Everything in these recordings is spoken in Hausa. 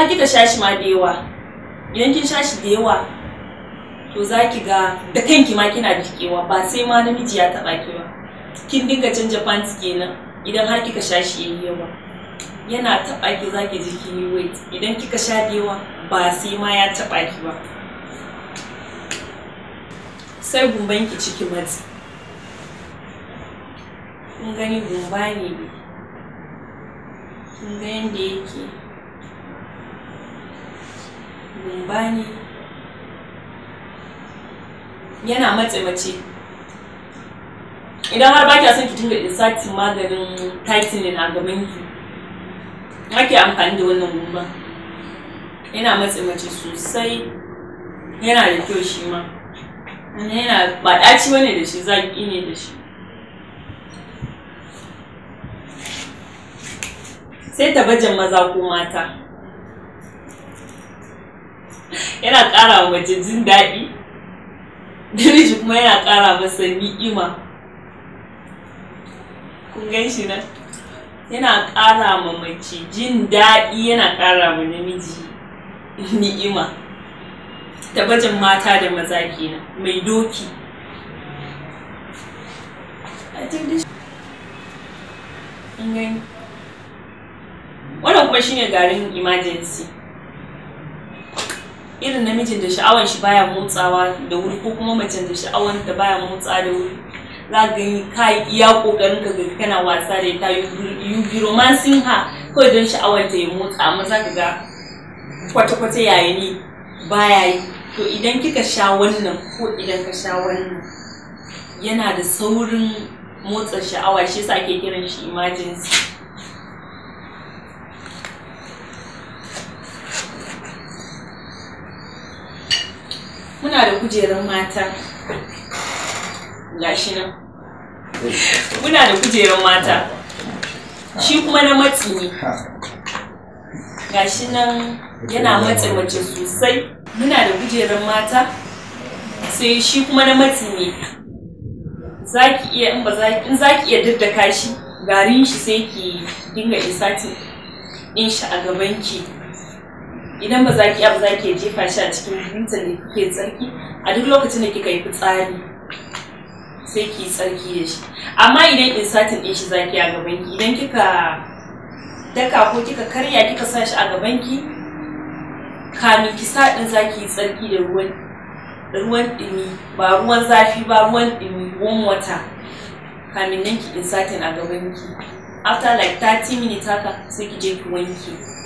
har kika sha shi ma da yawa idan kin sha shi da yawa to za ki ga da kanki ma kina jikewa ba sai ma namiji ya taɓa ki ba kin dinga canja pants kenan idan har kika sha shi yayi yawa yana taɓa ki za ki ji kin weight idan kika sha da yawa ba sai ma ya taɓa ki ba sai gumban ki ciki matsi kun gani gumba ne kun ga yadda yake gumba yana matse mace idan har ba kya son ki dinga insatin maganin tightening a gaban ki ake amfani da wannan gumba yana matse mace sosai yana da kyau shi ma yana ba ɗaci bane da shi zaƙi ne da shi sai ta bajan maza ko mata yana ƙara wa mace jin daɗi namiji kuma yana ƙara masa ni'ima kun gan shi nan yana ƙara ma mace jin daɗi yana ƙara ma namiji ni'ima tabajin mata da maza kenan mai doki wannan kuma shine garin emergency irin namijin da sha'awar shi baya motsawa da wuri ko kuma macen da sha'awar ta baya motsa da wuri za ka gani ka yi iya kokarin ka ga kana wasa da ya yi be romancing ha kawai don sha'awar ta yi motsa amma za ka ga kwata-kwata yayi ne baya yi to idan kika sha wannan ko idan ka sha wannan yana da saurin motsa sha'awa shi yasa ake kiran shi emergency muna da kujerar mata gashi nan muna da kujerar mata shi kuma na matsi ne gashi nan yana matse mace sosai muna da kujerar mata sai shi kuma na matsi ne zaki iya in ba zaki in zaki iya daddaka shi garin shi sai ki dinga isatin din shi a gaban ki idan ba za ki ba za ki jefa shi a cikin halittar da kuke tsarki a duk lokacin da kika yi fitsari sai ki tsarki da shi amma idan insatin ɗin shi za ki a gaban ki idan kika daka ko kika karya kika sa shi a gaban ki kamin ki sa ɗin za ki yi tsarki da ruwan ruwan ba ruwan zafi ba ruwan ɗumi warm water kamin nan ki insatin a gaban ki after like 30 minutes haka sai ki je ki wanke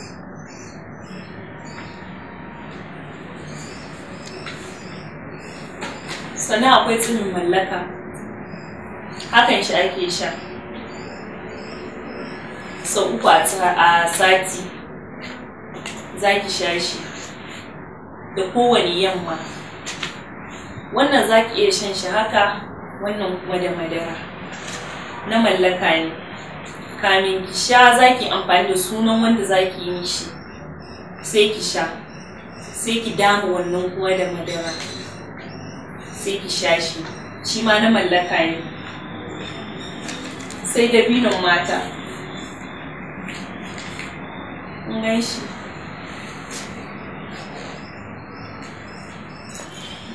sannan akwai tsinin mallaka hakan shi ake sha sau uku a sati za ki sha shi da kowane yamma wannan za ki iya shan shi haka wannan kuma da madara na mallaka ne kamin ki sha za ki amfani da sunan wanda za ki yi shi sai ki sha sai ki dama wannan kuma da madara sai ki sha shi shi ma na mallaka ne sai dabinon mata in gan shi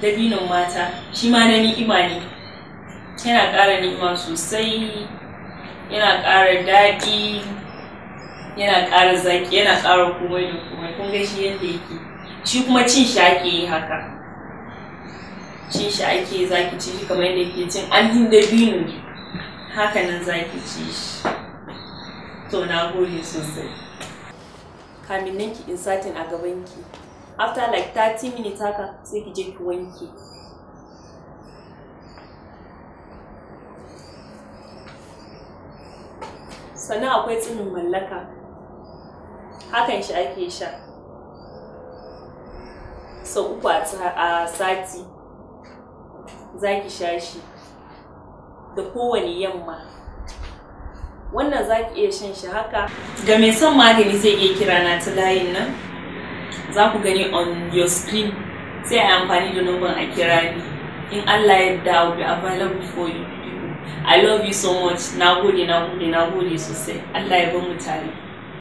dabinon mata shi ma na ni'ima ne yana ƙara ni'ima sosai yana ƙara daɗi yana ƙara zaƙi yana ƙara komai da komai kun ga shi yadda yake shi kuma cin shi ake yi haka ci shi ake zaki ci shi kamar yadda ke cin alhin dabino haka nan zaki ci shi to na gode sosai kamin nan ki insatin a gaban ki after like 30 minutes haka sai ki je ki wanke sannan akwai tsinin mallaka hakan shi ake sha sau uku a sati za ki sha shi da kowane yamma wannan za ki iya shan shi haka ga mai son magani zai iya kira na ta layin nan za ku gani on your screen sai a amfani da numban a kira ni in allah ya dawo be available for you i love you so much na gode na gode na gode sosai allah ya mu tare